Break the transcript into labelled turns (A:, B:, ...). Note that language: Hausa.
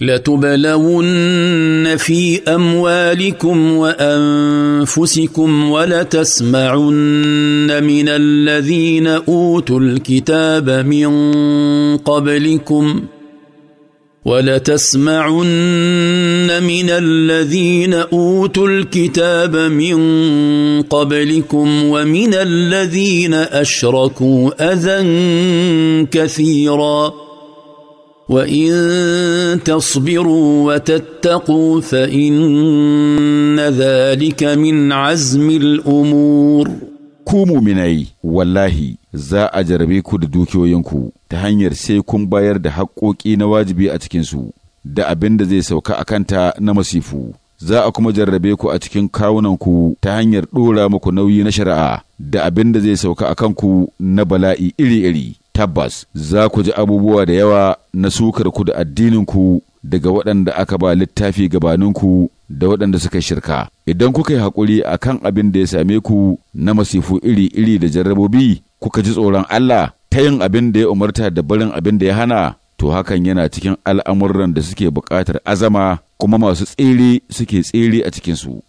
A: لتبلون في اموالكم وانفسكم ولتسمعن من الذين اوتوا الكتاب من قبلكم ولتسمعن من الذين اوتوا الكتاب من قبلكم ومن الذين اشركوا اذى كثيرا وان watattaƙu, وتتقوا فان ذلك min
B: عزم umur? ku muminai wallahi za a jarabe ku da dukiyoyinku ta hanyar sai kun bayar da haƙƙoƙi na wajibi a cikinsu da abin da zai sauka a kanta na masifu za a kuma jarrabe ku a cikin kawunanku ta hanyar ɗora muku nauyi na shari'a da abin da zai sauka a kanku na bala'i iri-iri tabbas za ku ji abubuwa da yawa na sukar ku da addininku daga waɗanda aka ba littafi gabaninku da waɗanda suka shirka idan kuka yi haƙuri a kan abin da ya same ku na masifu iri-iri da jarrabobi kuka ji tsoron Allah ta yin abin da ya umarta da barin abin da ya hana to hakan yana cikin al'amuran da suke buƙatar azama kuma masu tsere suke tsere a cikinsu.